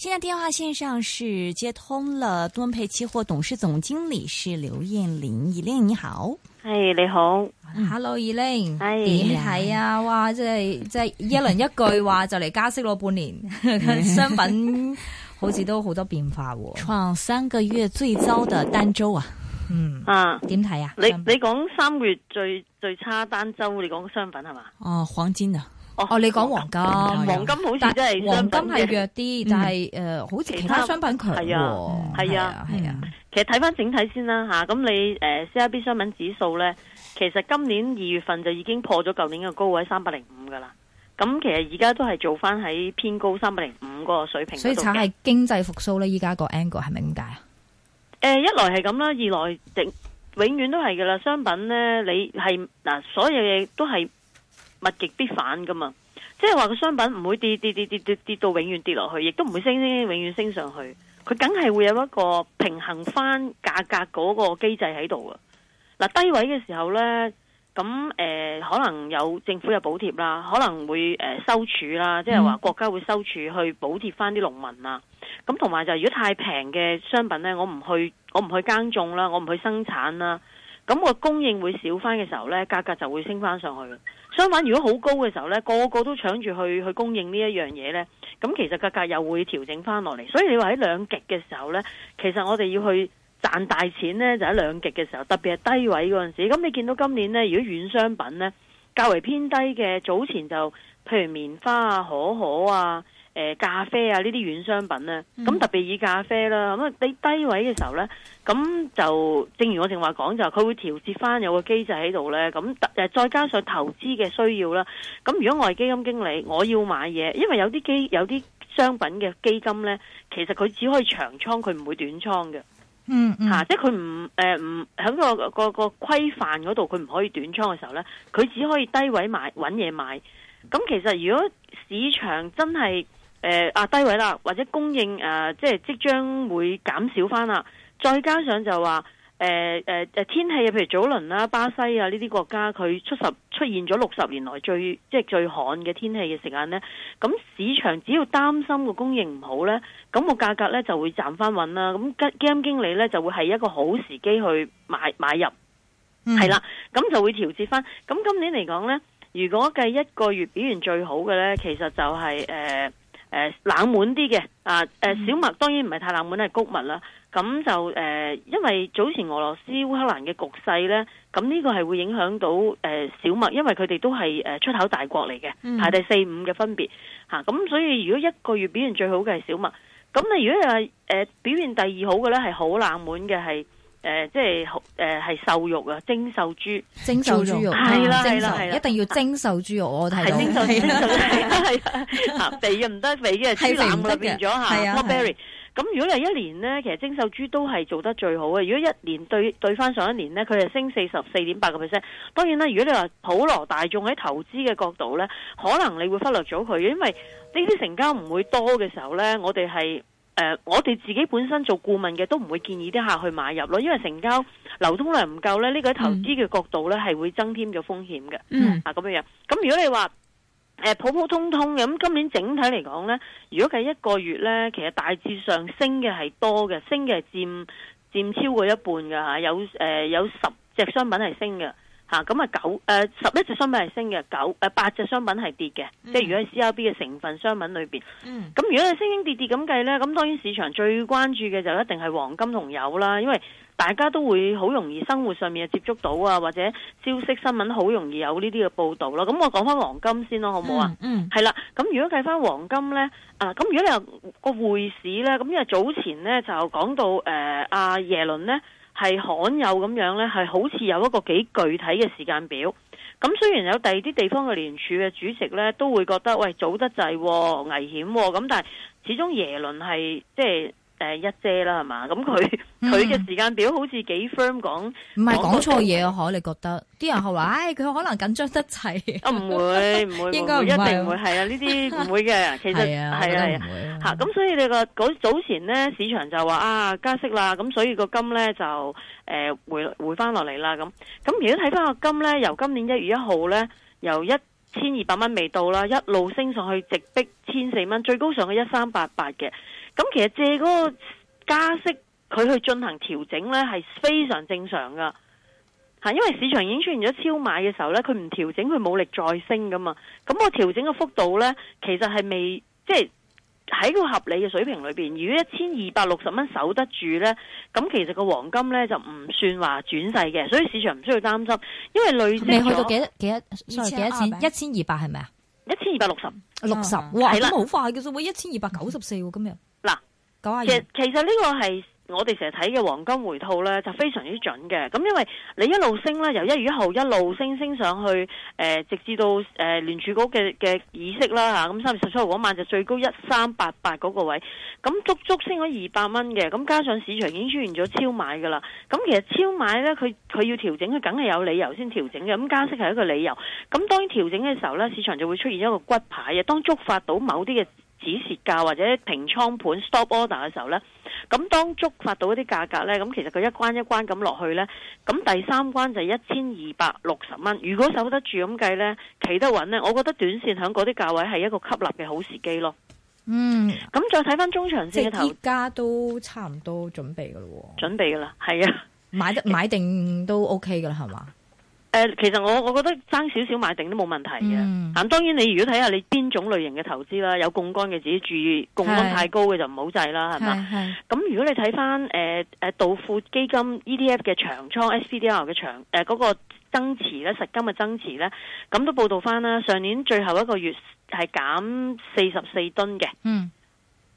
現在電話線上是接通了敦沛期貨董事總經理是劉艷玲，伊令你好，係、hey, 你好，hello 伊令係點睇啊？哇，即係即係一輪一句話 就嚟加息咗半年，Yeah. 商品好似都好多變化喎，創 三個月最糟的單周啊，嗯、uh, 啊，點睇呀？你你講三個月最最差單周，你講個商品係嘛？哦、啊，黃金啊。哦，你講黃，黃金，黃金好似真係，黃金係弱啲，但係誒，好似其他商品強喎，係啊，係啊。啊啊啊其實睇翻整體先啦吓，咁你誒、呃、CRB 商品指數咧，其實今年二月份就已經破咗舊年嘅高位三百零五噶啦。咁其實而家都係做翻喺偏高三百零五個水平。所以炒係經濟復蘇咧，依家個 angle 係咪咁解啊？誒，一來係咁啦，二來永永遠都係噶啦，商品咧，你係嗱，所有嘢都係。物極必反噶嘛，即係話個商品唔會跌跌跌跌跌跌到永遠跌落去，亦都唔會升升永遠升上去。佢梗係會有一個平衡翻價格嗰個機制喺度噶。嗱，低位嘅時候呢，咁誒、呃、可能有政府有補貼啦，可能會誒、呃、收儲啦，即係話國家會收儲去補貼翻啲農民啊。咁同埋就如果太平嘅商品呢，我唔去我唔去耕種啦，我唔去生產啦，咁、個供應會少翻嘅時候呢，價格就會升翻上去。相反，如果好高嘅時候呢，個個都搶住去去供應呢一樣嘢呢，咁其實價格又會調整翻落嚟。所以你話喺兩極嘅時候呢，其實我哋要去賺大錢呢，就喺兩極嘅時候，特別係低位嗰陣時。咁你見到今年呢，如果軟商品呢較為偏低嘅，早前就譬如棉花啊、可可啊。誒，咖啡啊，呢啲軟商品咧，咁、嗯、特別以咖啡啦，咁你低位嘅時候咧，咁就正如我正話講，就佢會調節翻有個機制喺度咧，咁誒再加上投資嘅需要啦，咁如果我係基金經理，我要買嘢，因為有啲基有啲商品嘅基金咧，其實佢只可以長倉，佢唔會短倉嘅，嗯嗯，吓、啊，即係佢唔誒唔喺個、個、個規範嗰度，佢唔可以短倉嘅時候咧，佢只可以低位買搵嘢買，咁其實如果市場真係，誒，壓、呃啊、低位啦，或者供應誒、呃，即係即將會減少翻啦。再加上就話，誒誒誒，天氣，譬如早輪啦、巴西啊呢啲國家，佢出十出現咗六十年來最即係最旱嘅天氣嘅時間呢，咁市場只要擔心個供應唔好呢，咁個價格呢就會賺翻穩啦。咁 gam 經理呢就會係一個好時機去買買入，係啦、嗯，咁就會調節翻。咁今年嚟講呢，如果計一個月表現最好嘅呢，其實就係、是、誒。呃呃、冷門啲嘅啊，呃嗯、小麥當然唔係太冷門，係穀物啦。咁就誒、呃，因為早前俄羅斯烏克蘭嘅局勢呢，咁呢個係會影響到誒、呃、小麥，因為佢哋都係誒、呃、出口大國嚟嘅，嗯、排第四五嘅分別吓。咁、啊、所以如果一個月表現最好嘅係小麥，咁你如果係誒、呃、表現第二好嘅呢，係好冷門嘅係。誒，即係誒，係瘦肉啊，精瘦豬，精瘦豬肉，係啦，係啦，係啦，一定要精瘦豬肉。我睇到係精瘦，精瘦嘅係啦。肥又唔得，肥嘅豬腩咧變咗吓。咁如果你係一年呢，其實精瘦豬都係做得最好嘅。如果一年對對翻上一年呢，佢係升四十四點八個 percent。當然啦，如果你話普羅大眾喺投資嘅角度咧，可能你會忽略咗佢，因為呢啲成交唔會多嘅時候咧，我哋係。誒、呃，我哋自己本身做顧問嘅都唔會建議啲客去買入咯，因為成交流通量唔夠咧，呢、這個喺投資嘅角度咧係會增添咗風險嘅。嗯，啊咁樣樣，咁、啊、如果你話誒、呃、普普通通嘅，咁今年整體嚟講咧，如果計一個月咧，其實大致上升嘅係多嘅，升嘅佔佔超過一半嘅吓、啊，有誒、呃、有十隻商品係升嘅。咁啊九誒十一隻商品係升嘅，九誒八隻商品係跌嘅，嗯、即係如果係 CRB 嘅成分商品裏面，咁、嗯、如果係升升跌跌咁計呢，咁當然市場最關注嘅就一定係黃金同油啦，因為大家都會好容易生活上面接觸到啊，或者消息新聞好容易有呢啲嘅報導啦，咁我講翻黃金先咯，好唔好啊？嗯，係、嗯、啦。咁如果計翻黃金呢，啊咁如果你有、那個匯市呢，咁因為早前呢就講到誒阿、呃啊、耶倫呢。係罕有咁樣呢，係好似有一個幾具體嘅時間表。咁雖然有第二啲地方嘅聯署嘅主席呢，都會覺得，喂早得滯，危險咁，但係始終耶倫係即係。就是誒，一姐啦，係嘛？咁佢佢嘅時間表好似幾 firm 講，唔係講錯嘢，我可你覺得啲人係話，唉，佢可能緊張得滯，唔會唔會應該唔會一定會係啊？呢啲唔會嘅，其實係啊，吓咁，所以你個早早前呢市場就話啊，加息啦，咁所以個金呢就誒回回翻落嚟啦，咁咁如果睇翻個金呢，由今年一月一號呢，由一千二百蚊未到啦，一路升上去，直逼千四蚊，最高上去一三八八嘅。咁其實借嗰個加息，佢去進行調整咧，係非常正常噶吓，因為市場已經出現咗超買嘅時候咧，佢唔調整，佢冇力再升噶嘛。咁個調整嘅幅度咧，其實係未即係喺個合理嘅水平裏邊。如果一千二百六十蚊守得住咧，咁其實個黃金咧就唔算話轉勢嘅，所以市場唔需要擔心。因為類似未去到幾幾一？Sorry, 幾多錢？一千二百係咪啊？一千二百六十，六十哇，咁好了快嘅啫喎！一千二百九十四，今日、啊。嗯其實呢個係我哋成日睇嘅黃金回吐呢，就非常之準嘅。咁因為你一路升咧，由一月一號一路升升上去，誒、呃，直至到誒聯儲局嘅嘅議息啦吓，咁、嗯、三月十七號嗰晚就最高一三八八嗰個位，咁、嗯、足足升咗二百蚊嘅。咁、嗯、加上市場已經出現咗超買噶啦，咁、嗯、其實超買呢，佢佢要調整，佢梗係有理由先調整嘅。咁、嗯、加息係一個理由。咁、嗯、當然調整嘅時候呢，市場就會出現一個骨牌嘅，當觸發到某啲嘅。止蝕價或者平倉盤 stop order 嘅時候呢，咁當觸發到一啲價格呢，咁其實佢一關一關咁落去呢，咁第三關就一千二百六十蚊。如果守得住咁計呢，企得穩呢，我覺得短線喺嗰啲價位係一個吸納嘅好時機咯。嗯，咁再睇翻中長線，即係依家都差唔多準備噶咯，準備噶啦，係啊， 買得買定都 OK 噶啦，係嘛。誒、呃，其實我我覺得爭少少買定都冇問題嘅。但、嗯、當然你如果睇下你邊種類型嘅投資啦，有槓桿嘅自己注意，槓桿太高嘅就唔好制啦，係嘛？咁如果你睇翻誒誒道富基金 ETF 嘅長倉 SPDR 嘅長誒嗰、呃那個增持咧，實金嘅增持咧，咁都報道翻啦。上年最後一個月係減四十四噸嘅。嗯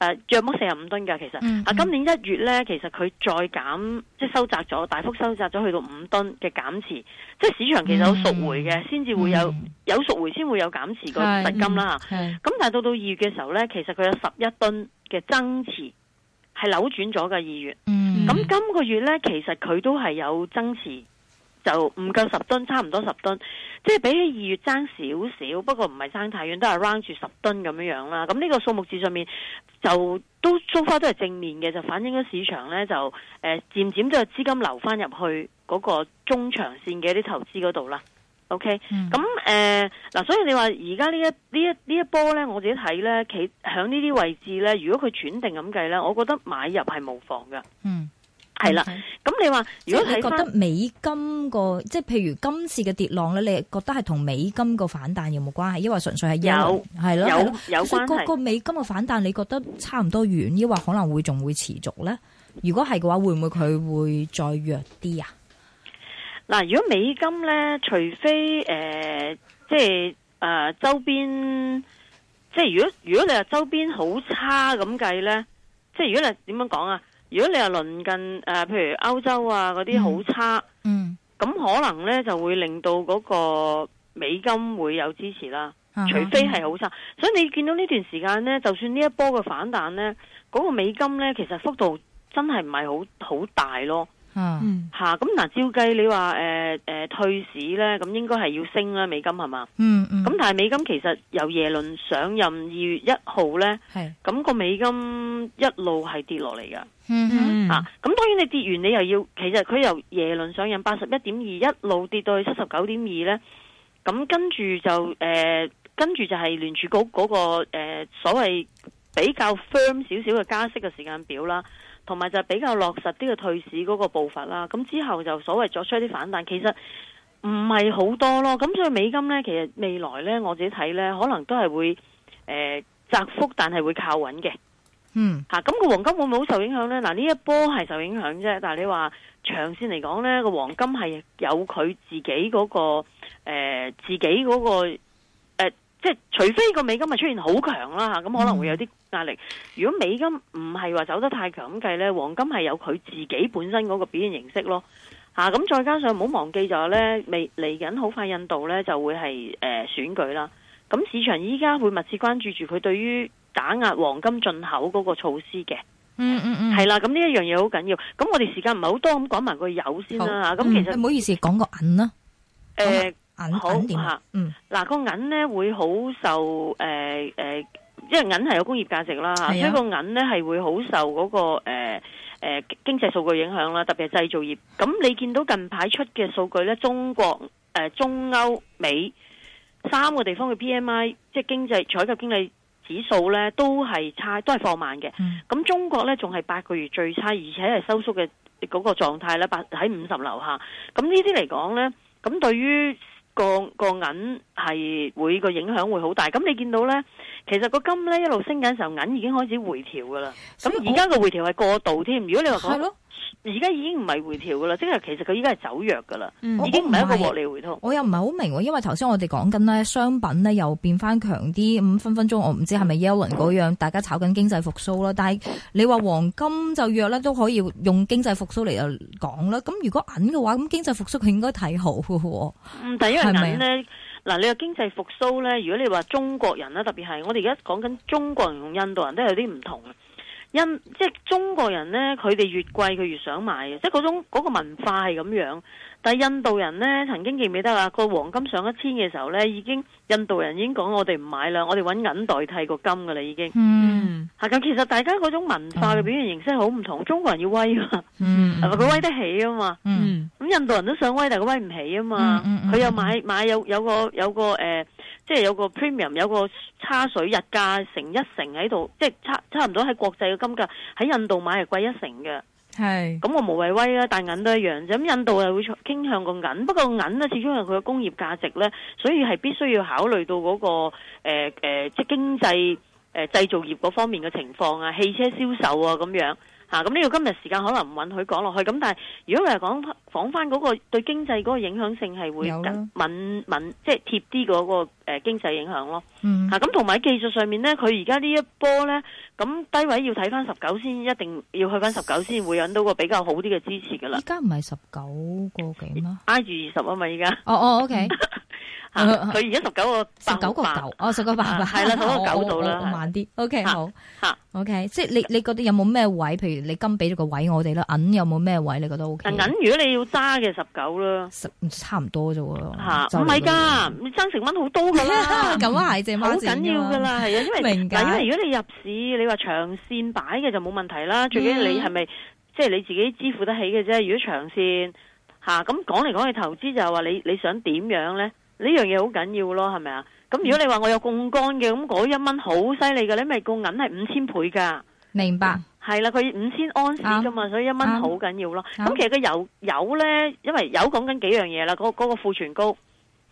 誒、啊，約摸四十五噸㗎。其實，嗯嗯啊，今年一月咧，其實佢再減，即係收窄咗，大幅收窄咗，去到五噸嘅減持，即係市場其實有贖回嘅，先至、嗯、會有、嗯、有贖回先會有減持個贖金啦咁、嗯、但係到到二月嘅時候咧，其實佢有十一噸嘅增持，係扭轉咗嘅二月。咁今、嗯、個月咧，其實佢都係有增持。就唔夠十噸，差唔多十噸，即係比起二月爭少少，不過唔係爭太遠，都係 round 住十噸咁樣樣啦。咁呢個數目字上面就都 so far 都係正面嘅，就反映咗市場呢，就誒漸漸都有資金流返入去嗰個中長線嘅啲投資嗰度啦。OK，咁誒、嗯，嗱、呃，所以你話而家呢一呢一呢一波咧，我自己睇呢，企響呢啲位置呢，如果佢轉定咁計呢，我覺得買入係無妨嘅。嗯係啦，咁你話，如果看看你覺得美金個，即係譬如今次嘅跌浪咧，你覺得係同美金個反彈有冇關係？因為純粹係有，係咯，有有個美金個反彈，你覺得差唔多遠，抑或可能會仲會持續咧？如果係嘅話，會唔會佢會再弱啲啊？嗱，如果美金咧，除非誒、呃，即係誒、呃、周邊，即係如果如果你話周邊好差咁計咧，即係如果你點樣講啊？如果你又鄰近誒、呃，譬如歐洲啊嗰啲好差嗯，嗯，咁可能呢就會令到嗰個美金會有支持啦，啊、除非係好差，嗯、所以你見到呢段時間呢，就算呢一波嘅反彈呢，嗰、嗰個美金呢其實幅度真係唔係好好大咯。嗯吓咁嗱，照計你話誒誒退市咧，咁應該係要升啦，美金係嘛，嗯？嗯嗯，咁但係美金其實由耶倫上任二月一號咧，係咁個美金一路係跌落嚟噶，嗯咁、嗯、當然你跌完你又要，其實佢由耶倫上任八十一點二一路跌到去七十九點二咧，咁跟住就誒，跟住就係聯儲局嗰、嗰個誒、呃、所謂比較 firm 少少嘅加息嘅時間表啦。同埋就比較落實啲嘅退市嗰個步伐啦，咁之後就所謂作出一啲反彈，其實唔係好多咯。咁所以美金呢，其實未來呢，我自己睇呢，可能都係會誒窄、呃、幅，但係會靠穩嘅。嗯，咁、啊嗰個黃金會唔會好受影響呢？嗱，呢一波係受影響啫，但係你話長線嚟講呢，個黃金係有佢自己嗰、嗰個、呃、自己嗰、嗰個。即係除非個美金咪出現好強啦吓，咁可能會有啲壓力。如果美金唔係話走得太強咁計咧，黃金係有佢自己本身嗰個表現形式咯。吓，咁再加上唔好忘記咗係咧，未嚟緊好快印度咧就會係誒選舉啦。咁市場依家會密切關注住佢對於打壓黃金進口嗰個措施嘅。嗯嗯嗯，係啦。咁呢一樣嘢好緊要。咁我哋時間唔係好多，咁講埋個油先啦吓。咁、嗯、其實唔好意思講個銀啦。誒、欸。銀好點，嗯，嗱、啊那個銀咧會好受，誒、呃、誒，即、呃、因為銀係有工業價值啦，所以的、那個銀咧係會好受嗰個誒誒經濟數據影響啦，特別係製造業。咁你見到近排出嘅數據咧，中國誒、呃、中歐美三個地方嘅 PMI，即係經濟採購經理指數咧，都係差，都係放慢嘅。咁、嗯、中國咧仲係八個月最差，而且係收縮嘅嗰個狀態咧，八喺五十樓下。咁呢啲嚟講咧，咁對於個個銀係會個影響會好大，咁你見到咧。其實個金咧一路升緊嘅時候，銀已經開始回調噶啦。咁而家個回調係過度添。如果你話講，而家的已經唔係回調噶啦，即係其實佢而家係走弱噶啦、嗯。已經唔係一個獲利回吐。我唔係，我又唔係好明，因為頭先我哋講緊咧，商品咧又變翻強啲，咁、嗯、分分鐘我唔知係咪 Yellen 嗰樣，嗯、大家炒緊經濟復蘇啦。但係你話黃金就弱咧，都可以用經濟復蘇嚟，又講啦。咁如果銀嘅話，咁經濟復蘇佢應該睇好嘅。嗯，但係因為銀咧。嗱、啊，你話經濟復甦咧，如果你話中國人咧，特別係我哋而家講緊中國人同印度人都有啲唔同，印即係中國人咧，佢哋越貴佢越想買嘅，即係嗰種嗰、嗰個文化係咁樣。但係印度人咧，曾經記唔記得啊？個黃金上一千嘅時候咧，已經印度人已經講我哋唔買啦，我哋揾銀代替個金噶啦已經。嗯，係咁其實大家嗰種文化嘅表現形式好唔同，中國人要威啊，係咪佢、嗯、威得起啊嘛，嗯。嗯。印度人都想威，但係佢威唔起啊嘛。佢、嗯嗯嗯、又買買有有個有個誒、呃，即係有個 premium，有個差水日價成一成喺度，即係差差唔多喺國際嘅金價喺印度買係貴一成嘅。係咁是，那我無謂威啦，但銀都是一樣。咁、嗯、印度又會傾向個銀，不過銀咧始終係佢嘅工業價值咧，所以係必須要考慮到嗰、那個誒誒，即、呃、係、呃、經濟誒製造業嗰方面嘅情況啊，汽車銷售啊咁樣。咁呢、啊、個今日時間可能唔允許講落去，咁但係如果嚟講，講翻嗰個對經濟嗰個影響性係會更了敏敏，即係貼啲嗰個誒、呃、經濟影響咯。嗯，吓咁同埋技術上面咧，佢而家呢一波咧，咁低位要睇翻十九先，一定要去翻十九先會引到個比較好啲嘅支持噶啦。而家唔係十九個幾嗎？挨住二十啊嘛，而家。哦哦，OK。 佢而家十九個，十九個九，哦十九八係啦，九到啦，慢啲。OK，好。吓 OK，即係你你覺得有冇咩位？譬如你金俾咗個位我哋啦，銀有冇咩位你覺得 OK？銀如果你要揸嘅十九啦，十差唔多啫。吓，唔係噶，你爭成蚊好多噶啦。咁啊，正好緊要噶啦，係啊，因為嗱，因為如果你入市，你話長線擺嘅就冇問題啦。最緊要你係咪即係你自己支付得起嘅啫？如果長線吓咁講嚟講去，投資就係話你你想點樣咧？呢樣嘢好緊要咯，係咪啊？咁如果你話我有槓桿嘅，咁嗰一蚊好犀利嘅，你咪個銀係五千倍噶。明白。係啦，佢五千安士啫嘛，啊、所以一蚊好緊要咯。咁、啊、其實佢油，油咧，因為油講緊幾樣嘢啦，嗰嗰、嗰個庫存高。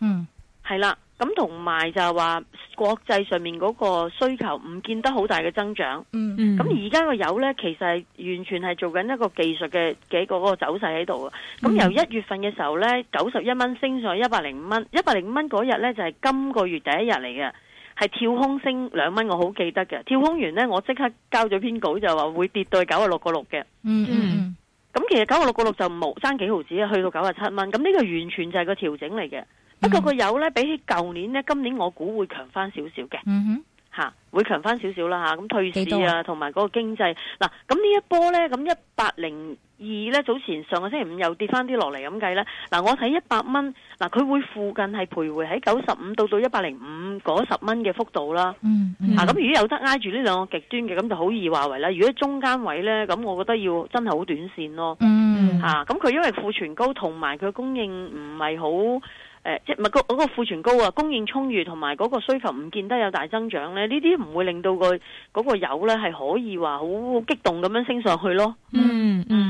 嗯，係啦。咁同埋就係話國際上面嗰個需求唔見得好大嘅增長，咁而家個油呢，其實係完全係做緊一個技術嘅幾個嗰個走勢喺度啊！咁、嗯、由一月份嘅時候呢，九十一蚊升上一百零五蚊，一百零五蚊嗰日呢，就係今個月第一日嚟嘅，係跳空升兩蚊，我好記得嘅。跳空完呢，我即刻交咗篇稿就話會跌到九十六個六嘅。咁、嗯嗯、其實九十六個六就冇爭幾毫子去到九十七蚊。咁呢個完全就係個調整嚟嘅。不過佢有咧，比起舊年咧，今年我估會強翻少少嘅。嗯哼，吓會強翻少少啦吓。咁退市啊，同埋嗰個經濟嗱，咁呢一波咧，咁一百零二咧，早前上個星期五又跌翻啲落嚟咁計咧。嗱，我睇一百蚊嗱，佢會附近係徘徊喺九十五到到一百零五嗰十蚊嘅幅度啦。咁、嗯嗯、如果有得挨住呢兩個極端嘅，咁就好易話為啦。如果中間位咧，咁我覺得要真係好短綫咯。吓、嗯，咁佢因為庫存高，同埋佢供應唔係好。誒、欸，即係唔係嗰個庫、嗰個、存高啊，供應充裕，同埋嗰個需求唔見得有大增長咧，呢啲唔會令到、個嗰、個油咧係可以話好好激動咁樣升上去咯。嗯嗯。嗯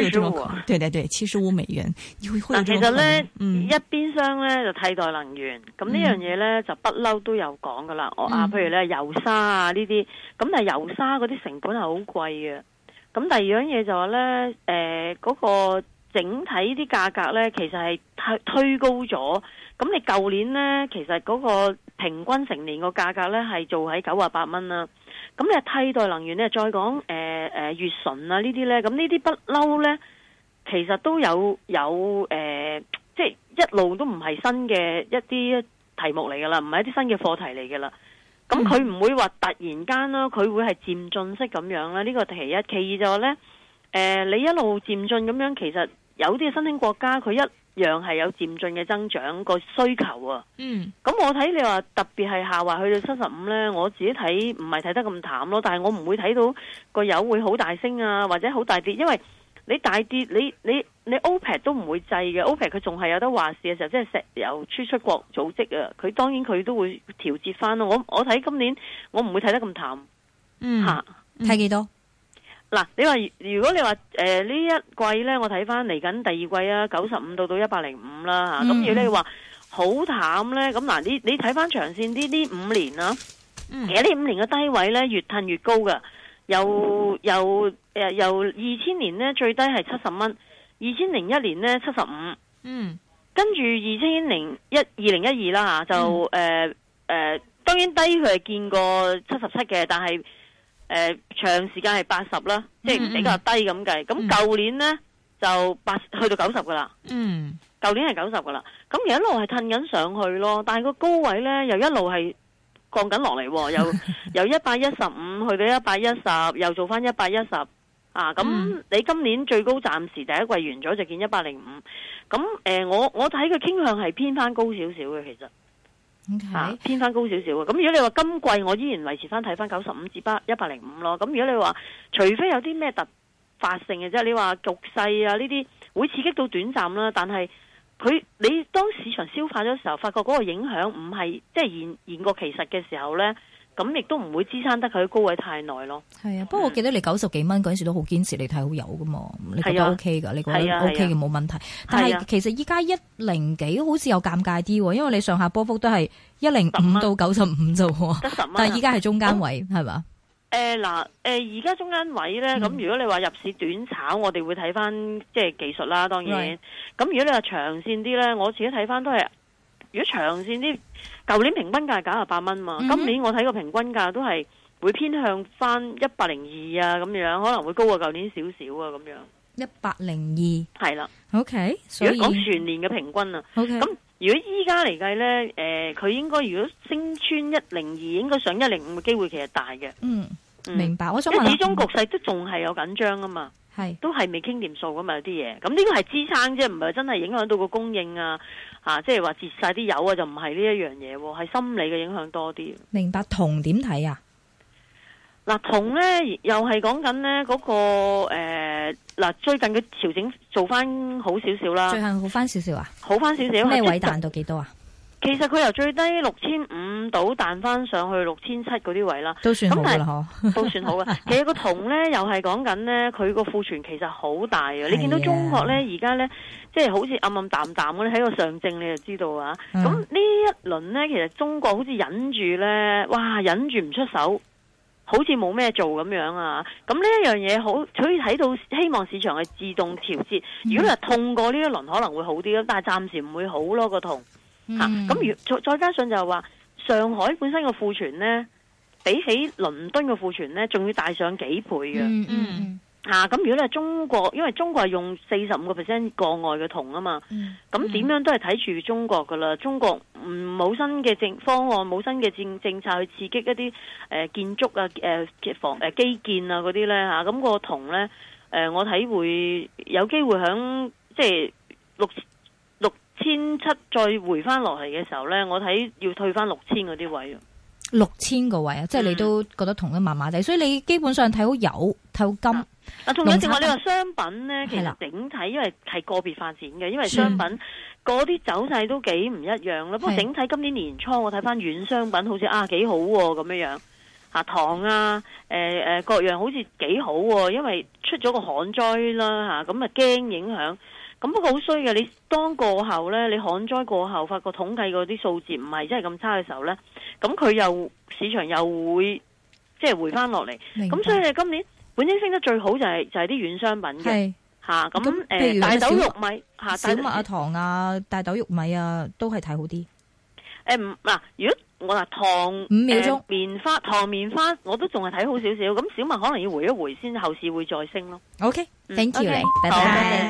七十五啊，對對對，七十五美元。但，其實咧，嗯，一邊廂咧就替代能源，咁呢樣嘢咧就不嬲都有講噶啦。我啊，譬如咧油砂啊呢啲，咁但係油砂嗰啲成本係好貴嘅。咁第二樣嘢就話咧，誒，嗰個整體啲價格咧，其實係推推高咗。咁你舊年咧，其實嗰個平均成年個價格咧，係做喺九啊八蚊啦。咁咧替代能源咧，再講誒誒，乙醇、呃呃、啊呢啲咧，咁呢啲不嬲咧，其實都有有誒，即、呃、係、就是、一路都唔係新嘅一啲題目嚟噶啦，唔係一啲新嘅課題嚟噶啦。咁佢唔會話突然間啦，佢會係漸進式咁樣啦呢、呢個其一，其二就話咧，誒、呃，你一路漸進咁樣，其實有啲新興國家佢一。樣係有漸進嘅增長個需求啊，咁、嗯、我睇你特別話特別係下滑去到七十五咧，我自己睇唔係睇得咁淡咯，但係我唔會睇到個油會好大升啊，或者好大跌，因為你大跌你你你 OPEC 都唔會制嘅，OPEC 佢仲係有得話事嘅時候，即係石油輸出國組織啊，佢當然佢都會調節翻咯。我我睇今年我唔會睇得咁淡，吓，睇幾多？嗱，你話如果你話誒呢一季呢，我睇翻嚟緊第二季啊，九十五到到一百零五啦，咁如果你話好淡呢，咁嗱，呢你睇翻長線啲呢五年啦，其實呢五年嘅低位呢，越褪越高嘅。由由誒由二千年呢，最低係七十蚊，二千零一年呢，七十五，嗯，跟住二千零一二零一二啦吓，就誒誒、嗯呃呃，當然低佢係見過七十七嘅，但係。誒、呃，長時間係八十啦，即係比較低咁計。咁舊、mm hmm. 年呢就八十去到九十噶啦，舊、mm hmm. 年係九十噶啦。咁而一路係褪緊上去咯，但係個高位呢又一路係降緊落嚟，又 由一百一十五去到一百一十，又做翻一百一十。啊，咁你今年最高暫時第一季完咗就見一百零五。咁、呃、誒，我我睇佢傾向係偏翻高少少嘅，其實。Okay. 啊、偏翻高少少嘅。咁如果你話今季我依然維持翻睇翻九十五至一百零五咯。咁如果你話，除非有啲咩突發性嘅，即係你話局勢啊呢啲會刺激到短暫啦。但係佢你當市場消化咗嘅時候，發覺嗰個影響唔係即係言言過其實嘅時候呢。咁亦都唔會支撐得佢高位太耐咯。係啊，不過我記得你九十幾蚊嗰陣時都好堅持你睇好有噶嘛，你覺得 OK 噶？啊、你覺得 OK 嘅冇、啊、問題。啊、但係其實依家一零幾好似有尷尬啲喎，因為你上下波幅都係一零五到九十五啫喎。得十蚊。但係依家係中間位係嘛？誒嗱誒，而家吧、呃呃呃、中間位咧，咁、嗯、如果你話入市短炒，我哋會睇翻即係技術啦。當然，咁是如果你話長線啲咧，我自己睇翻都係。如果長線啲，舊年平均價係九十八蚊嘛，今年我睇個平均價都係會偏向翻一百零二啊咁樣，可能會高過舊年少少啊咁樣。一百零二係啦，OK。如果講全年嘅平均啊，咁 OK。如果依家嚟計咧，誒、呃，佢應該如果升穿一零二，應該上一零五嘅機會其實是大嘅。嗯，明白。我想始終局勢都仲係有緊張啊嘛。係是都係未傾掂數噶嘛，有啲嘢咁呢個係支撐啫，唔係真係影響到個供應啊！吓，即係話截晒啲油啊，就唔係呢一樣嘢、啊，係心理嘅影響多啲。明白銅點睇啊？嗱，銅咧又係講緊咧嗰個誒，嗱最近嘅調整做翻好少少啦，最近的調整做好翻少、啊、少啊，好翻少少咩位彈到幾多啊？其實佢由最低六千五倒彈翻上去六千七嗰啲位啦，都算好，但是好都算好嘅。 其實個銅咧又係講緊咧，佢個庫存其實好大嘅。啊、你見到中國咧而家咧，即係、就是、好似暗暗淡淡咧喺個上證，你就知道啊。咁、嗯、呢一輪咧，其實中國好似忍住咧，哇，忍住唔出手，好似冇咩做咁樣啊。咁呢一樣嘢好，所以睇到希望市場係自動調節。嗯、如果你係痛過呢一輪可能會好啲咯，但係暫時唔會好咯個銅。吓，咁如再再加上就係話上海本身嘅庫存咧，比起倫敦嘅庫存咧，仲要大上幾倍嘅。嗯，吓，咁如果你係中國，因為中國係用四十五個 percent 國外嘅銅啊嘛，咁點、mm hmm. 樣都係睇住中國噶啦。中國唔冇新嘅政方案，冇新嘅政政策去刺激一啲誒、呃、建築啊誒房誒基建啊嗰啲咧吓，咁、啊個銅咧誒我睇會有機會響即係六。千七再回翻落嚟嘅時候呢，我睇要退翻六千嗰啲位置，六千個位啊，嗯、即係你都覺得同得麻麻地，所以你基本上睇好油，睇好金。嗱、啊，仲有成話你話商品呢，是的其實整體因為係個別發展嘅，因為商品嗰啲、嗯、走勢都幾唔一樣咯。的不過整體今年年初我睇翻軟商品，好似啊幾好喎咁樣樣，吓、啊、糖啊，誒、啊、誒各樣好似幾好喎、啊，因為出咗個旱災啦吓，咁啊驚、啊、影響。咁不過好衰嘅，你當過後咧，你旱災過後，發覺統計嗰啲數字唔係真係咁差嘅時候咧，咁佢又市場又會即係回翻落嚟。咁白所以今年本應升得最好就係、是、就係啲軟商品嘅吓。咁誒是，啊、大豆玉米吓，大、啊、豆麥帶糖啊，大豆玉米啊，都係睇好啲。誒，嗱，如果我話糖五秒鐘、呃、棉花糖棉花，我都仲係睇好少少。咁小麥可能要回一回先，後市會再升咯。O、okay, K，thank you 你、嗯，拜、okay, 拜。okay.